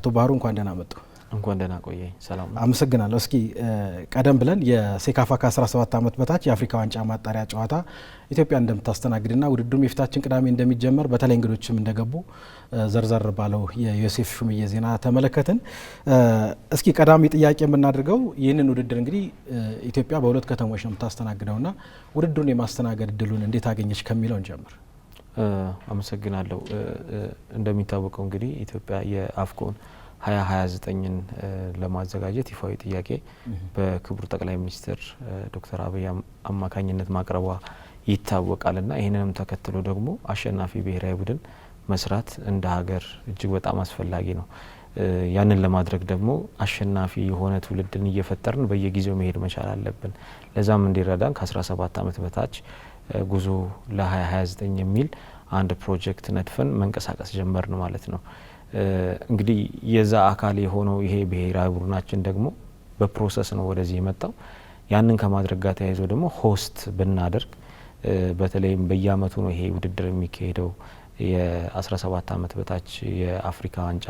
አቶ ባህሩ እንኳን ደህና መጡ። እንኳን ደህና ቆየ። ሰላም አመሰግናለሁ። እስኪ ቀደም ብለን የሴካፋ ከ17 ዓመት በታች የአፍሪካ ዋንጫ ማጣሪያ ጨዋታ ኢትዮጵያ እንደምታስተናግድና ውድድሩም የፊታችን ቅዳሜ እንደሚጀመር በተለይ እንግዶችም እንደገቡ ዘርዘር ባለው የዮሴፍ ሹምዬ ዜና ተመለከትን። እስኪ ቀዳሚ ጥያቄ የምናደርገው ይህንን ውድድር እንግዲህ ኢትዮጵያ በሁለት ከተሞች ነው የምታስተናግደውና ውድድሩን የማስተናገድ እድሉን እንዴት አገኘች ከሚለው እንጀምር። አመሰግናለሁ። እንደሚታወቀው እንግዲህ ኢትዮጵያ የአፍኮን ሀያ ሀያ ዘጠኝን ለማዘጋጀት ይፋዊ ጥያቄ በክቡር ጠቅላይ ሚኒስትር ዶክተር አብይ አማካኝነት ማቅረቧ ይታወቃል እና ይህንንም ተከትሎ ደግሞ አሸናፊ ብሔራዊ ቡድን መስራት እንደ ሀገር እጅግ በጣም አስፈላጊ ነው። ያንን ለማድረግ ደግሞ አሸናፊ የሆነ ትውልድን እየፈጠርን በየጊዜው መሄድ መቻል አለብን። ለዛም እንዲረዳን ከ17 ዓመት በታች ጉዞ ለ2029 የሚል አንድ ፕሮጀክት ነድፈን መንቀሳቀስ ጀመርን ማለት ነው። እንግዲህ የዛ አካል የሆነው ይሄ ብሔራዊ ቡድናችን ደግሞ በፕሮሰስ ነው ወደዚህ የመጣው። ያንን ከማድረግ ጋር ተያይዞ ደግሞ ሆስት ብናደርግ በተለይም በየአመቱ ነው ይሄ ውድድር የሚካሄደው የ17 ዓመት በታች የአፍሪካ ዋንጫ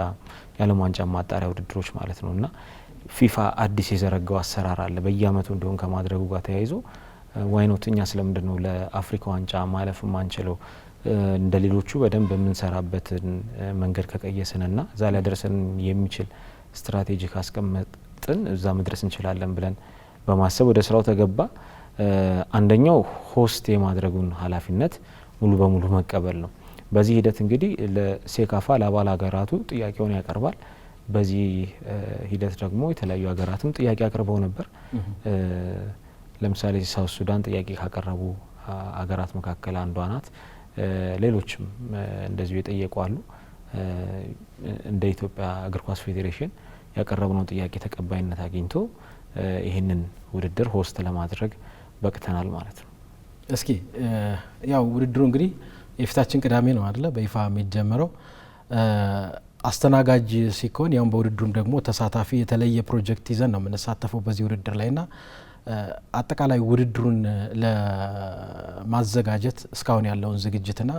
የዓለም ዋንጫ ማጣሪያ ውድድሮች ማለት ነው እና ፊፋ አዲስ የዘረጋው አሰራር አለ በየአመቱ እንዲሆን ከማድረጉ ጋር ተያይዞ ዋይኖት እኛ ስለምንድን ነው ለአፍሪካ ዋንጫ ማለፍ የማንችለው? እንደ ሌሎቹ በደንብ የምንሰራበትን መንገድ ና እዛ ሊያደርሰን የሚችል ስትራቴጂ ካስቀመጥን እዛ መድረስ እንችላለን ብለን በማሰብ ወደ ስራው ተገባ። አንደኛው ሆስት የማድረጉን ኃላፊነት ሙሉ በሙሉ መቀበል ነው። በዚህ ሂደት እንግዲህ ለሴካፋ ለአባል ሀገራቱ ጥያቄውን ያቀርባል። በዚህ ሂደት ደግሞ የተለያዩ ሀገራትም ጥያቄ አቅርበው ነበር። ለምሳሌ ሳውት ሱዳን ጥያቄ ካቀረቡ አገራት መካከል አንዷ ናት። ሌሎችም እንደዚሁ የጠየቁ አሉ። እንደ ኢትዮጵያ እግር ኳስ ፌዴሬሽን ያቀረብነው ጥያቄ ተቀባይነት አግኝቶ ይህንን ውድድር ሆስት ለማድረግ በቅተናል ማለት ነው። እስኪ ያው ውድድሩ እንግዲህ የፊታችን ቅዳሜ ነው አደለ? በይፋ የሚጀመረው አስተናጋጅ ሲኮን ያውም በውድድሩም ደግሞ ተሳታፊ የተለየ ፕሮጀክት ይዘን ነው የምንሳተፈው በዚህ ውድድር ላይ ና አጠቃላይ ውድድሩን ለማዘጋጀት እስካሁን ያለውን ዝግጅትና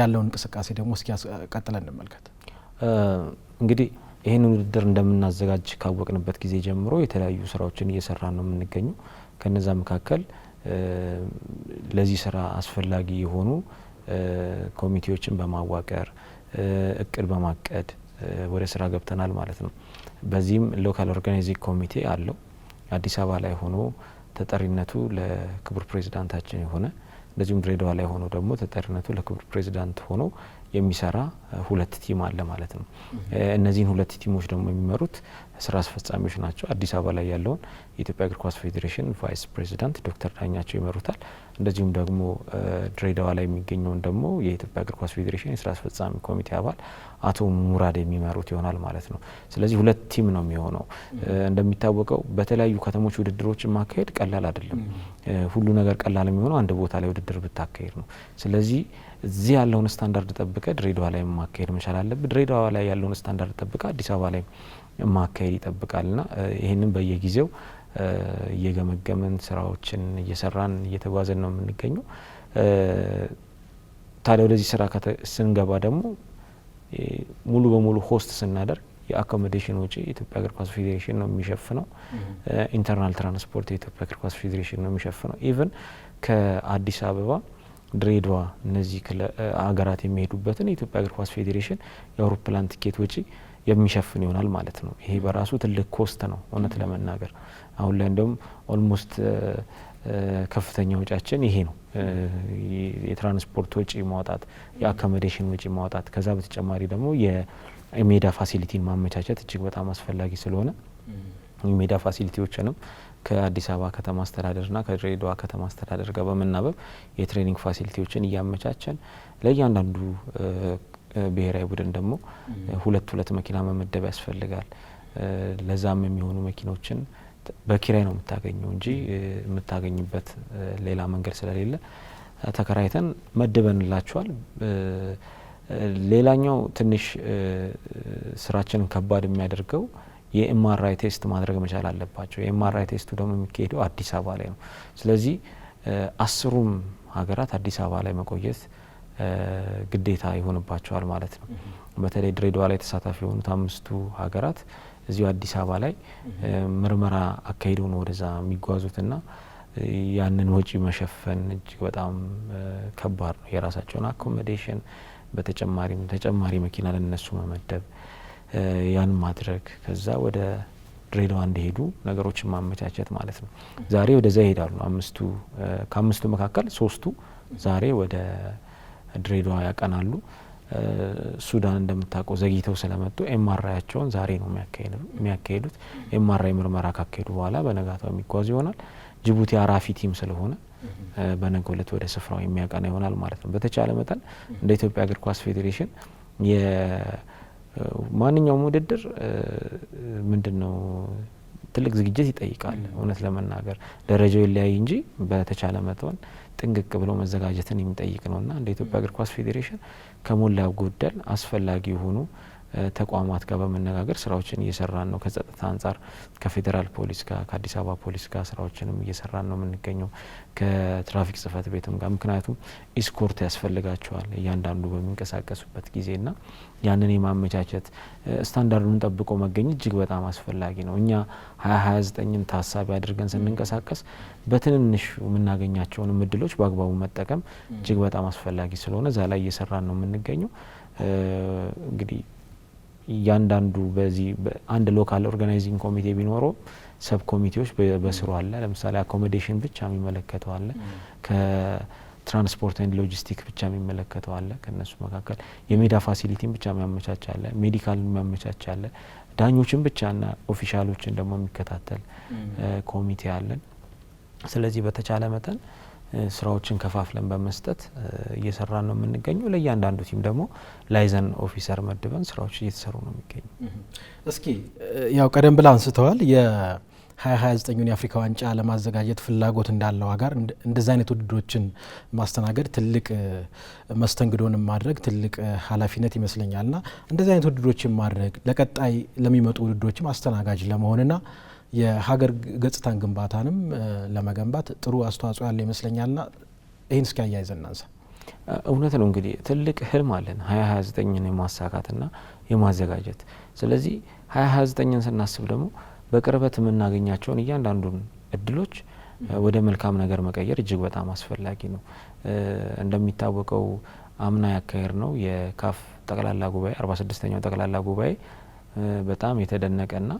ያለውን እንቅስቃሴ ደግሞ እስኪ ቀጥለን እንመልከት። እንግዲህ ይህን ውድድር እንደምናዘጋጅ ካወቅንበት ጊዜ ጀምሮ የተለያዩ ስራዎችን እየሰራ ነው የምንገኙ። ከነዛ መካከል ለዚህ ስራ አስፈላጊ የሆኑ ኮሚቴዎችን በማዋቀር እቅድ በማቀድ ወደ ስራ ገብተናል ማለት ነው። በዚህም ሎካል ኦርጋናይዚንግ ኮሚቴ አለው አዲስ አበባ ላይ ሆኖ ተጠሪነቱ ለክቡር ፕሬዚዳንታችን የሆነ እንደዚሁም ድሬዳዋ ላይ ሆኖ ደግሞ ተጠሪነቱ ለክቡር ፕሬዚዳንት ሆኖ የሚሰራ ሁለት ቲም አለ ማለት ነው። እነዚህን ሁለት ቲሞች ደግሞ የሚመሩት ስራ አስፈጻሚዎች ናቸው። አዲስ አበባ ላይ ያለውን የኢትዮጵያ እግር ኳስ ፌዴሬሽን ቫይስ ፕሬዚዳንት ዶክተር ዳኛቸው ይመሩታል። እንደዚሁም ደግሞ ድሬዳዋ ላይ የሚገኘውን ደግሞ የኢትዮጵያ እግር ኳስ ፌዴሬሽን የስራ አስፈጻሚ ኮሚቴ አባል አቶ ሙራድ የሚመሩት ይሆናል ማለት ነው። ስለዚህ ሁለት ቲም ነው የሚሆነው። እንደሚታወቀው በተለያዩ ከተሞች ውድድሮችን ማካሄድ ቀላል አይደለም። ሁሉ ነገር ቀላል የሚሆነው አንድ ቦታ ላይ ውድድር ብታካሄድ ነው። ስለዚህ እዚህ ያለውን ስታንዳርድ ጠብቀ ድሬዳዋ ላይ ማካሄድ መቻል አለብ። ድሬዳዋ ላይ ያለውን ስታንዳርድ ጠብቀ አዲስ አበባ ላይ ማካሄድ ና ይህንን በየጊዜው እየገመገምን ስራዎችን እየሰራን እየተጓዘን ነው የምንገኘው። ታዲያ ወደዚህ ስራ ስንገባ ደግሞ ሙሉ በሙሉ ሆስት ስናደርግ የአኮሞዴሽን ወጪ የኢትዮጵያ እግር ኳስ ፌዴሬሽን ነው የሚሸፍነው። ኢንተርናል ትራንስፖርት የኢትዮጵያ እግር ኳስ ፌዴሬሽን ነው የሚሸፍነው። ኢቨን ከአዲስ አበባ ድሬዳዋ እነዚህ ሀገራት የሚሄዱበትን የኢትዮጵያ እግር ኳስ ፌዴሬሽን የአውሮፕላን ትኬት ወጪ የሚሸፍን ይሆናል ማለት ነው። ይሄ በራሱ ትልቅ ኮስት ነው እውነት ለመናገር አሁን ላይ እንደውም ኦልሞስት ከፍተኛ ውጫችን ይሄ ነው። የትራንስፖርት ወጪ ማውጣት፣ የአካሞዴሽን ወጪ ማውጣት፣ ከዛ በተጨማሪ ደግሞ የሜዳ ፋሲሊቲን ማመቻቸት እጅግ በጣም አስፈላጊ ስለሆነ የሜዳ ፋሲሊቲዎችንም ከአዲስ አበባ ከተማ አስተዳደርና ከድሬዳዋ ከተማ አስተዳደር ጋር በመናበብ የትሬኒንግ ፋሲሊቲዎችን እያመቻቸን ለእያንዳንዱ ብሔራዊ ቡድን ደግሞ ሁለት ሁለት መኪና መመደብ ያስፈልጋል። ለዛም የሚሆኑ መኪኖችን በኪራይ ነው የምታገኘው እንጂ የምታገኝበት ሌላ መንገድ ስለሌለ ተከራይተን መድበንላቸዋል። ሌላኛው ትንሽ ስራችንን ከባድ የሚያደርገው የኤምአርአይ ቴስት ማድረግ መቻል አለባቸው። የኤምአርአይ ቴስቱ ደግሞ የሚካሄደው አዲስ አበባ ላይ ነው። ስለዚህ አስሩም ሀገራት አዲስ አበባ ላይ መቆየት ግዴታ ይሆንባቸዋል ማለት ነው። በተለይ ድሬዳዋ ላይ ተሳታፊ የሆኑት አምስቱ ሀገራት እዚሁ አዲስ አበባ ላይ ምርመራ አካሂደው ነው ወደዛ የሚጓዙትና ያንን ወጪ መሸፈን እጅግ በጣም ከባድ ነው። የራሳቸውን አኮሞዴሽን በተጨማሪም ተጨማሪ መኪና ለነሱ መመደብ ያን ማድረግ ከዛ ወደ ድሬዳዋ እንዲሄዱ ነገሮችን ማመቻቸት ማለት ነው። ዛሬ ወደዛ ይሄዳሉ። አምስቱ ከአምስቱ መካከል ሶስቱ ዛሬ ወደ ድሬዳዋ ያቀናሉ። ሱዳን እንደምታውቀው ዘግይተው ስለመጡ ኤምአርአያቸውን ዛሬ ነው የሚያካሄዱት። ኤምአርአይ ምርመራ ካካሄዱ በኋላ በነጋታው የሚጓዙ ይሆናል። ጅቡቲ አራፊ ቲም ስለሆነ በነገ ዕለት ወደ ስፍራው የሚያቀና ይሆናል ማለት ነው። በተቻለ መጠን እንደ ኢትዮጵያ እግር ኳስ ፌዴሬሽን ማንኛውም ውድድር ምንድን ነው ትልቅ ዝግጅት ይጠይቃል። እውነት ለመናገር ደረጃው ይለያይ እንጂ በተቻለ መጠን ጥንቅቅ ብሎ መዘጋጀትን የሚጠይቅ እና እንደ ኢትዮጵያ እግር ኳስ ፌዴሬሽን ከሞላ ጎደል አስፈላጊ የሆኑ ተቋማት ጋር በመነጋገር ስራዎችን እየሰራን ነው። ከጸጥታ አንጻር ከፌዴራል ፖሊስ ጋር ከአዲስ አበባ ፖሊስ ጋር ስራዎችንም እየሰራን ነው የምንገኘው ከትራፊክ ጽህፈት ቤትም ጋር ምክንያቱም ኢስኮርት ያስፈልጋቸዋል እያንዳንዱ በሚንቀሳቀሱበት ጊዜና ያንን የማመቻቸት ስታንዳርዱን ጠብቆ መገኘት እጅግ በጣም አስፈላጊ ነው። እኛ ሀያ ሀያ ዘጠኝን ታሳቢ አድርገን ስንንቀሳቀስ በትንንሽ የምናገኛቸውን እድሎች በአግባቡ መጠቀም እጅግ በጣም አስፈላጊ ስለሆነ እዛ ላይ እየሰራን ነው የምንገኘው እንግዲህ እያንዳንዱ በዚህ አንድ ሎካል ኦርጋናይዚንግ ኮሚቴ ቢኖረው ሰብ ኮሚቴዎች በስሩ አለ። ለምሳሌ አኮሞዴሽን ብቻ የሚመለከተው አለ። ከትራንስፖርት ኤንድ ሎጂስቲክ ብቻ የሚመለከተው አለ። ከእነሱ መካከል የሜዳ ፋሲሊቲን ብቻ የሚያመቻች አለ። ሜዲካል የሚያመቻች አለ። ዳኞችን ብቻና ኦፊሻሎችን ደግሞ የሚከታተል ኮሚቴ አለን። ስለዚህ በተቻለ መጠን ስራዎችን ከፋፍለን በመስጠት እየሰራን ነው የምንገኘው። ለእያንዳንዱ ቲም ደግሞ ላይዘን ኦፊሰር መድበን ስራዎች እየተሰሩ ነው የሚገኙ። እስኪ ያው ቀደም ብላ አንስተዋል የ 2029 የአፍሪካ ዋንጫ ለማዘጋጀት ፍላጎት እንዳለው ሀገር እንደዚህ አይነት ውድድሮችን ማስተናገድ ትልቅ መስተንግዶንም ማድረግ ትልቅ ኃላፊነት ይመስለኛልና እንደዚህ አይነት ውድድሮችን ማድረግ ለቀጣይ ለሚመጡ ውድድሮችም አስተናጋጅ ለመሆንና የሀገር ገጽታን ግንባታንም ለመገንባት ጥሩ አስተዋጽኦ ያለ ይመስለኛልና ይህን እስኪ አያይዘን እናንሳ። እውነት ነው እንግዲህ ትልቅ ህልም አለን ሀያ ሀያ ዘጠኝን የማሳካትና የማዘጋጀት ስለዚህ ሀያ ሀያ ዘጠኝን ስናስብ ደግሞ በቅርበት የምናገኛቸውን እያንዳንዱን እድሎች ወደ መልካም ነገር መቀየር እጅግ በጣም አስፈላጊ ነው። እንደሚታወቀው አምና ያካሄድ ነው የካፍ ጠቅላላ ጉባኤ አርባ ስድስተኛው ጠቅላላ ጉባኤ በጣም የተደነቀና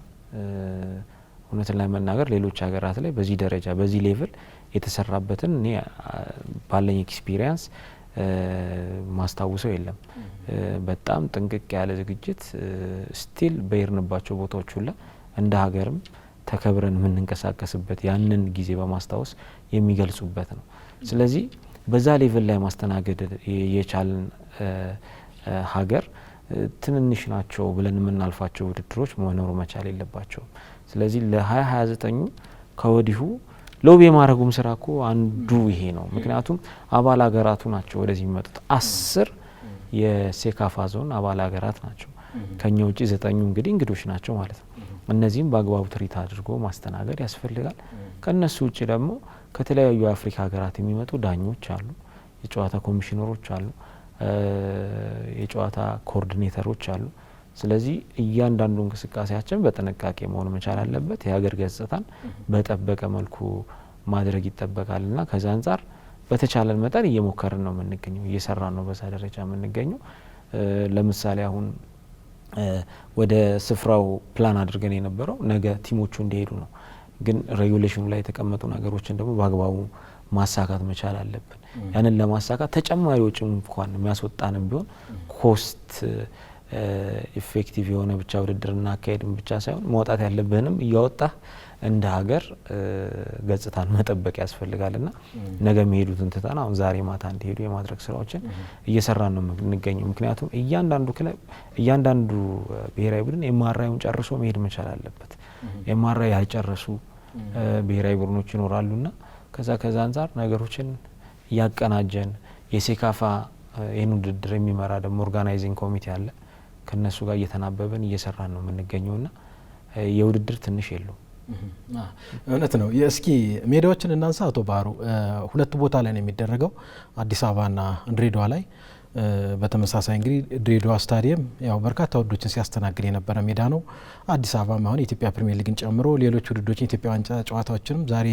እውነትን ለመናገር ሌሎች ሀገራት ላይ በዚህ ደረጃ በዚህ ሌቭል የተሰራበትን እኔ ባለኝ ኤክስፒሪየንስ ማስታውሰው የለም። በጣም ጥንቅቅ ያለ ዝግጅት ስቲል በይርንባቸው ቦታዎች ሁላ እንደ ሀገርም ተከብረን የምንንቀሳቀስበት ያንን ጊዜ በማስታወስ የሚገልጹበት ነው። ስለዚህ በዛ ሌቭል ላይ ማስተናገድ የቻልን ሀገር ትንንሽ ናቸው ብለን የምናልፋቸው ውድድሮች መኖሩ መቻል የለባቸውም። ስለዚህ ለ 2029 ዘጠኙ ከወዲሁ ሎቢ የማድረጉም ስራ እኮ አንዱ ይሄ ነው። ምክንያቱም አባል ሀገራቱ ናቸው ወደዚህ የሚመጡት አስር የሴካፋ ዞን አባል ሀገራት ናቸው። ከኛ ውጭ ዘጠኙ እንግዲህ እንግዶች ናቸው ማለት ነው። እነዚህም በአግባቡ ትሪት አድርጎ ማስተናገድ ያስፈልጋል። ከእነሱ ውጭ ደግሞ ከተለያዩ የአፍሪካ ሀገራት የሚመጡ ዳኞች አሉ፣ የጨዋታ ኮሚሽነሮች አሉ። የጨዋታ ኮኦርዲኔተሮች አሉ። ስለዚህ እያንዳንዱ እንቅስቃሴያችን በጥንቃቄ መሆን መቻል አለበት። የሀገር ገጽታን በጠበቀ መልኩ ማድረግ ይጠበቃል እና ከዚ አንጻር በተቻለን መጠን እየሞከርን ነው የምንገኘው፣ እየሰራን ነው በዛ ደረጃ የምንገኘው። ለምሳሌ አሁን ወደ ስፍራው ፕላን አድርገን የነበረው ነገ ቲሞቹ እንዲሄዱ ነው። ግን ሬጉሌሽኑ ላይ የተቀመጡ ነገሮችን ደግሞ በአግባቡ ማሳካት መቻል አለብን። ያንን ለማሳካት ተጨማሪ እንኳን የሚያስወጣንም ቢሆን ኮስት ኢፌክቲቭ የሆነ ብቻ ውድድር እናካሄድም ብቻ ሳይሆን መውጣት ያለብህንም እያወጣ እንደ ሀገር ገጽታን መጠበቅ ያስፈልጋል ና ነገ የሚሄዱትን ትተን አሁን ዛሬ ማታ እንዲሄዱ የማድረግ ስራዎችን እየሰራ ነው የምንገኘው። ምክንያቱም እያንዳንዱ ክለብ እያንዳንዱ ብሔራዊ ቡድን የማራዩን ጨርሶ መሄድ መቻል አለበት። የማራዩ ያልጨረሱ ብሔራዊ ቡድኖች ይኖራሉና ከዛ ከዛ አንጻር ነገሮችን እያቀናጀን የሴካፋ ይህን ውድድር የሚመራ ደግሞ ኦርጋናይዚንግ ኮሚቴ አለ። ከእነሱ ጋር እየተናበበን እየሰራን ነው የምንገኘው ና የውድድር ትንሽ የለውም። እውነት ነው። እስኪ ሜዳዎችን እናንሳ። አቶ ባህሩ ሁለት ቦታ ላይ ነው የሚደረገው፣ አዲስ አበባና ድሬዳዋ ላይ በተመሳሳይ እንግዲህ ድሬዳዋ ስታዲየም ያው በርካታ ውድዶችን ሲያስተናግድ የነበረ ሜዳ ነው። አዲስ አበባ አሁን የኢትዮጵያ ፕሪሚየር ሊግን ጨምሮ ሌሎች ውድዶችን የኢትዮጵያ ዋንጫ ጨዋታዎችንም ዛሬ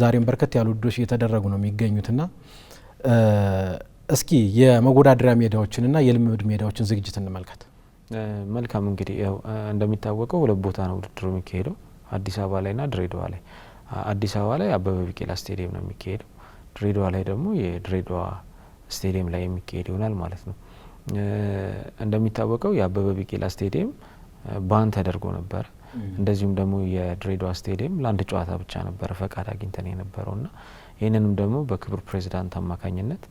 ዛሬም በርከት ያሉ ውድዶች እየተደረጉ ነው የሚገኙትና እስኪ የመወዳደሪያ ሜዳዎችንና የልምምድ ሜዳዎችን ዝግጅት እንመልከት። መልካም እንግዲህ ያው እንደሚታወቀው ሁለት ቦታ ነው ውድድሩ የሚካሄደው አዲስ አበባ ላይና ድሬዳዋ ላይ። አዲስ አበባ ላይ አበበ ቢቂላ ስቴዲየም ነው የሚካሄደው። ድሬዳዋ ላይ ደግሞ የድሬዳዋ ስቴዲየም ላይ የሚካሄድ ይሆናል ማለት ነው። እንደሚታወቀው የአበበ ቢቂላ ስቴዲየም ባን ተደርጎ ነበረ። እንደዚሁም ደግሞ የድሬዳዋ ስቴዲየም ለአንድ ጨዋታ ብቻ ነበረ ፈቃድ አግኝተን ና ይህንንም ደግሞ በክቡር ፕሬዚዳንት አማካኝነት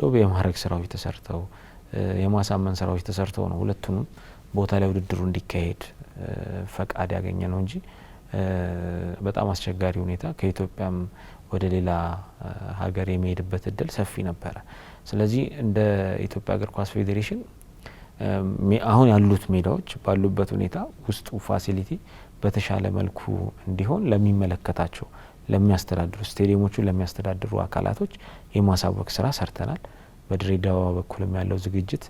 ሎቢ የማድረግ ስራዎች ተሰርተው የማሳመን ስራዎች ተሰርተው ነው ሁለቱንም ቦታ ላይ ውድድሩ እንዲካሄድ ፈቃድ ያገኘ ነው እንጂ በጣም አስቸጋሪ ሁኔታ ከኢትዮጵያም ወደ ሌላ ሀገር የሚሄድበት እድል ሰፊ ነበረ። ስለዚህ እንደ ኢትዮጵያ እግር ኳስ ፌዴሬሽን አሁን ያሉት ሜዳዎች ባሉበት ሁኔታ ውስጡ ፋሲሊቲ በተሻለ መልኩ እንዲሆን ለሚመለከታቸው ለሚያስተዳድሩ ስቴዲየሞቹን ለሚያስተዳድሩ አካላቶች የማሳወቅ ስራ ሰርተናል። በድሬዳዋ በኩልም ያለው ዝግጅት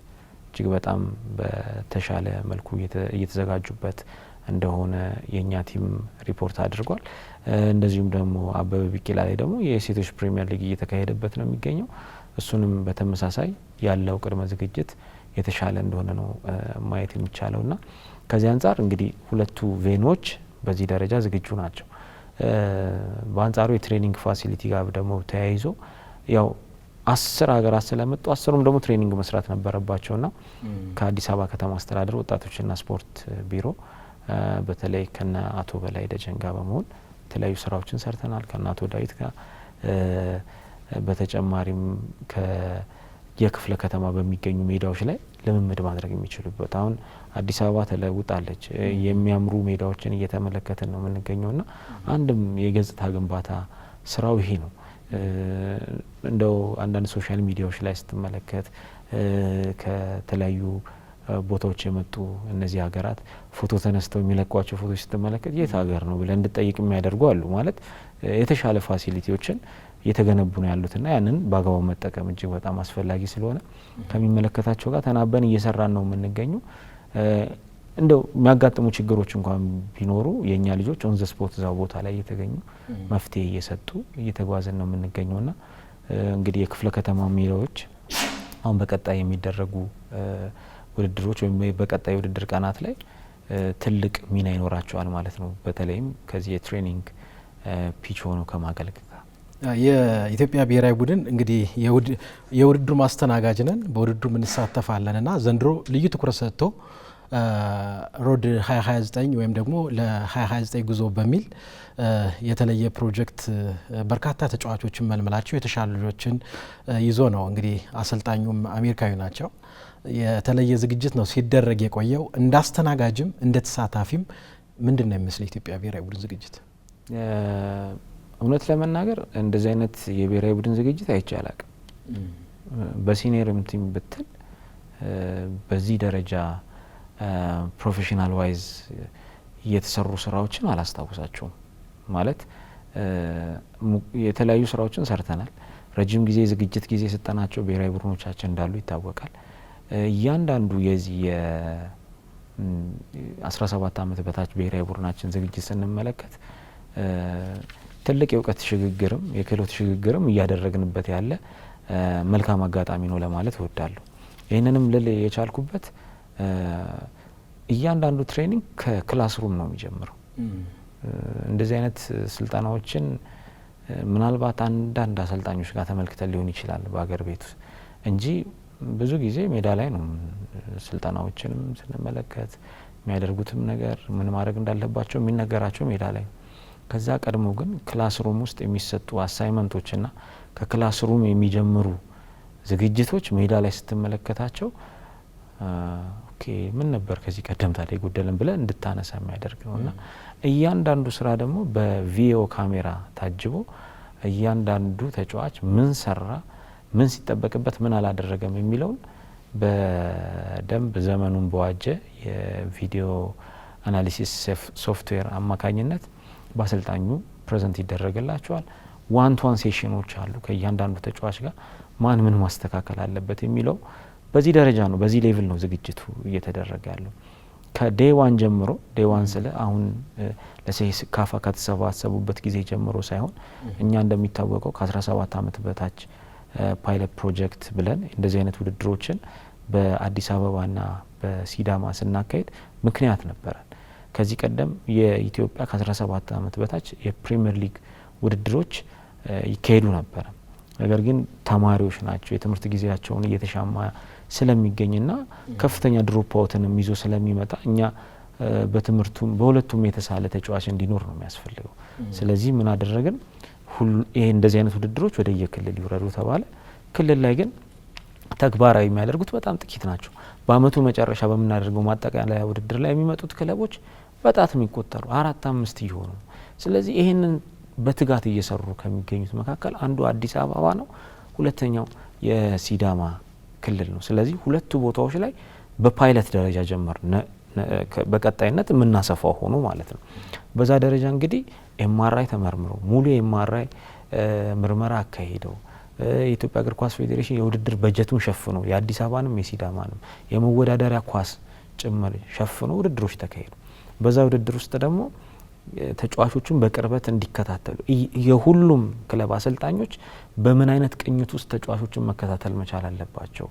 እጅግ በጣም በተሻለ መልኩ እየተዘጋጁበት እንደሆነ የእኛ ቲም ሪፖርት አድርጓል። እንደዚሁም ደግሞ አበበ ቢቂላ ላይ ደግሞ የሴቶች ፕሪሚየር ሊግ እየተካሄደበት ነው የሚገኘው። እሱንም በተመሳሳይ ያለው ቅድመ ዝግጅት የተሻለ እንደሆነ ነው ማየት የሚቻለው ና ከዚህ አንጻር እንግዲህ ሁለቱ ቬኖች በዚህ ደረጃ ዝግጁ ናቸው። በአንጻሩ የትሬኒንግ ፋሲሊቲ ጋር ደግሞ ተያይዞ ያው አስር ሀገራት ስለመጡ አስሩም ደግሞ ትሬኒንግ መስራት ነበረባቸው ና ከአዲስ አበባ ከተማ አስተዳደር ወጣቶችና ስፖርት ቢሮ በተለይ ከነ አቶ በላይ ደጀን ጋር በመሆን የተለያዩ ስራዎችን ሰርተናል። ከነ አቶ ዳዊት ጋር በተጨማሪም የክፍለ ከተማ በሚገኙ ሜዳዎች ላይ ልምምድ ማድረግ የሚችሉበት አሁን አዲስ አበባ ተለውጣለች። የሚያምሩ ሜዳዎችን እየተመለከትን ነው የምንገኘው ና አንድም የገጽታ ግንባታ ስራው ይሄ ነው። እንደው አንዳንድ ሶሻል ሚዲያዎች ላይ ስትመለከት ከተለያዩ ቦታዎች የመጡ እነዚህ ሀገራት ፎቶ ተነስተው የሚለቋቸው ፎቶች ስትመለከት የት ሀገር ነው ብለን እንድጠይቅ የሚያደርጉ አሉ። ማለት የተሻለ ፋሲሊቲዎችን እየተገነቡ ነው ያሉትና ያንን በአግባቡ መጠቀም እጅግ በጣም አስፈላጊ ስለሆነ ከሚመለከታቸው ጋር ተናበን እየሰራን ነው የምንገኙ። እንደው የሚያጋጥሙ ችግሮች እንኳን ቢኖሩ የእኛ ልጆች ኦን ዘ ስፖት እዛው ቦታ ላይ እየተገኙ መፍትሄ እየሰጡ እየተጓዘን ነው የምንገኘውና እንግዲህ የክፍለ ከተማ ሜዳዎች አሁን በቀጣይ የሚደረጉ ውድድሮች ወይም በቀጣይ ውድድር ቀናት ላይ ትልቅ ሚና ይኖራቸዋል ማለት ነው። በተለይም ከዚህ የትሬኒንግ ፒች ሆነው ከማገልገል የኢትዮጵያ ብሔራዊ ቡድን እንግዲህ የውድድሩ ማስተናጋጅ ነን፣ በውድድሩ እንሳተፋለን እና ዘንድሮ ልዩ ትኩረት ሰጥቶ ሮድ 2029 ወይም ደግሞ ለ2029 ጉዞ በሚል የተለየ ፕሮጀክት በርካታ ተጫዋቾችን መልመላቸው የተሻሉ ልጆችን ይዞ ነው። እንግዲህ አሰልጣኙም አሜሪካዊ ናቸው። የተለየ ዝግጅት ነው ሲደረግ የቆየው። እንዳስተናጋጅም እንደ ተሳታፊም ምንድን ነው የሚመስል የኢትዮጵያ ብሔራዊ ቡድን ዝግጅት? እውነት ለመናገር እንደዚህ አይነት የብሔራዊ ቡድን ዝግጅት አይቼ አላቅም። በሲኒየርም ቲም ብትል በዚህ ደረጃ ፕሮፌሽናል ዋይዝ የተሰሩ ስራዎችን አላስታውሳቸውም። ማለት የተለያዩ ስራዎችን ሰርተናል። ረጅም ጊዜ ዝግጅት ጊዜ ስጠናቸው ብሔራዊ ቡድኖቻችን እንዳሉ ይታወቃል። እያንዳንዱ የዚህ የ17 ዓመት በታች ብሔራዊ ቡድናችን ዝግጅት ስንመለከት ትልቅ የእውቀት ሽግግርም የክህሎት ሽግግርም እያደረግንበት ያለ መልካም አጋጣሚ ነው ለማለት እወዳለሁ። ይህንንም ልል የቻልኩበት እያንዳንዱ ትሬኒንግ ከክላስሩም ነው የሚጀምረው። እንደዚህ አይነት ስልጠናዎችን ምናልባት አንዳንድ አሰልጣኞች ጋር ተመልክተን ሊሆን ይችላል በሀገር ቤት እንጂ ብዙ ጊዜ ሜዳ ላይ ነው ስልጠናዎችንም ስንመለከት የሚያደርጉትም ነገር ምን ማድረግ እንዳለባቸው የሚነገራቸው ሜዳ ላይ ነው። ከዛ ቀድሞ ግን ክላስሩም ውስጥ የሚሰጡ አሳይመንቶችና ከክላስሩም የሚጀምሩ ዝግጅቶች ሜዳ ላይ ስትመለከታቸው ኦኬ ምን ነበር ከዚህ ቀደም ታዲያ የጎደለን ብለን እንድታነሳ የሚያደርግ ነው እና እያንዳንዱ ስራ ደግሞ በቪዲዮ ካሜራ ታጅቦ እያንዳንዱ ተጫዋች ምን ሰራ፣ ምን ሲጠበቅበት፣ ምን አላደረገም የሚለውን በደንብ ዘመኑን በዋጀ የቪዲዮ አናሊሲስ ሶፍትዌር አማካኝነት በአሰልጣኙ ፕሬዘንት ይደረግላቸዋል። ዋን ቱ ዋን ሴሽኖች አሉ ከእያንዳንዱ ተጫዋች ጋር ማን ምን ማስተካከል አለበት የሚለው በዚህ ደረጃ ነው፣ በዚህ ሌቭል ነው ዝግጅቱ እየተደረገ ያለው። ከዴይ ዋን ጀምሮ ዴይ ዋን ስለ አሁን ካፋ ከተሰባሰቡበት ጊዜ ጀምሮ ሳይሆን እኛ እንደሚታወቀው ከ17 ዓመት በታች ፓይለት ፕሮጀክት ብለን እንደዚህ አይነት ውድድሮችን በአዲስ አበባና በሲዳማ ስናካሄድ ምክንያት ነበረ። ከዚህ ቀደም የኢትዮጵያ ከ17 ዓመት በታች የፕሪምየር ሊግ ውድድሮች ይካሄዱ ነበረ። ነገር ግን ተማሪዎች ናቸው የትምህርት ጊዜያቸውን እየተሻማ ስለሚገኝና ከፍተኛ ድሮፕ ይዞ ስለሚመጣ እኛ በትምህርቱም በሁለቱም የተሳለ ተጫዋች እንዲኖር ነው የሚያስፈልገው። ስለዚህ ምን አደረግን? ይሄ እንደዚህ አይነት ውድድሮች ወደ የክልል ይውረዱ ተባለ። ክልል ላይ ግን ተግባራዊ የሚያደርጉት በጣም ጥቂት ናቸው። በአመቱ መጨረሻ በምናደርገው ማጠቃለያ ውድድር ላይ የሚመጡት ክለቦች በጣት የሚቆጠሩ አራት አምስት እየሆኑ ስለዚህ ይህንን በትጋት እየሰሩ ከሚገኙት መካከል አንዱ አዲስ አበባ ነው፣ ሁለተኛው የሲዳማ ክልል ነው። ስለዚህ ሁለቱ ቦታዎች ላይ በፓይለት ደረጃ ጀመር በቀጣይነት የምናሰፋው ሆኖ ማለት ነው። በዛ ደረጃ እንግዲህ ኤምአርአይ ተመርምሮ ሙሉ የኤምአርአይ ምርመራ አካሂደው የኢትዮጵያ እግር ኳስ ፌዴሬሽን የውድድር በጀቱን ሸፍኖ የአዲስ አበባንም የሲዳማንም የመወዳደሪያ ኳስ ጭምር ሸፍኖ ውድድሮች ተካሄዱ። በዛ ውድድር ውስጥ ደግሞ ተጫዋቾቹን በቅርበት እንዲከታተሉ የሁሉም ክለብ አሰልጣኞች በምን አይነት ቅኝት ውስጥ ተጫዋቾችን መከታተል መቻል አለባቸው፣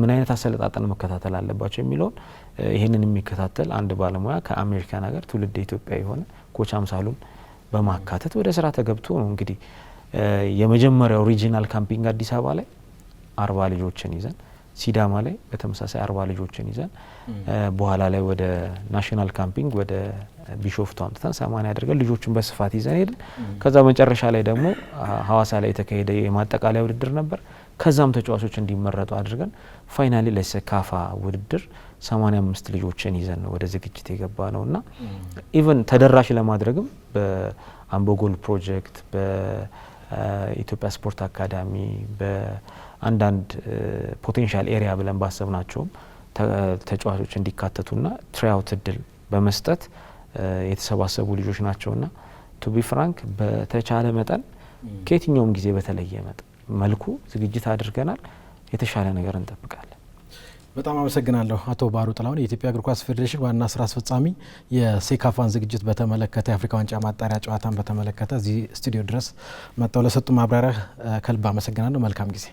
ምን አይነት አሰለጣጠን መከታተል አለባቸው የሚለውን ይህንን የሚከታተል አንድ ባለሙያ ከአሜሪካን ሀገር ትውልድ ኢትዮጵያ የሆነ ኮች አምሳሉን በማካተት ወደ ስራ ተገብቶ ነው እንግዲህ የመጀመሪያው ሪጂናል ካምፒንግ አዲስ አበባ ላይ አርባ ልጆችን ይዘን ሲዳማ ላይ በተመሳሳይ አርባ ልጆችን ይዘን በኋላ ላይ ወደ ናሽናል ካምፒንግ ወደ ቢሾፍቱ አምጥተን ሰማንያ አድርገን ልጆችን በስፋት ይዘን ሄድን። ከዛ መጨረሻ ላይ ደግሞ ሀዋሳ ላይ የተካሄደ የማጠቃለያ ውድድር ነበር። ከዛም ተጫዋቾች እንዲመረጡ አድርገን ፋይናሊ ለሴካፋ ውድድር ሰማንያ አምስት ልጆችን ይዘን ወደ ዝግጅት የገባ ነው እና ኢቨን ተደራሽ ለማድረግም በአምቦጎል ፕሮጀክት ኢትዮጵያ ስፖርት አካዳሚ በአንዳንድ ፖቴንሻል ኤሪያ ብለን ባሰብናቸውም ተጫዋቾች እንዲካተቱና ትራያውት እድል በመስጠት የተሰባሰቡ ልጆች ናቸውና ቱቢ ፍራንክ በተቻለ መጠን ከየትኛውም ጊዜ በተለየ መልኩ ዝግጅት አድርገናል። የተሻለ ነገር እንጠብቃለን። በጣም አመሰግናለሁ አቶ ባህሩ ጥላሁን። የኢትዮጵያ እግር ኳስ ፌዴሬሽን ዋና ስራ አስፈጻሚ የሴካፋን ዝግጅት በተመለከተ የአፍሪካ ዋንጫ ማጣሪያ ጨዋታን በተመለከተ እዚህ ስቱዲዮ ድረስ መጥተው ለሰጡ ማብራሪያ ከልብ አመሰግናለሁ። መልካም ጊዜ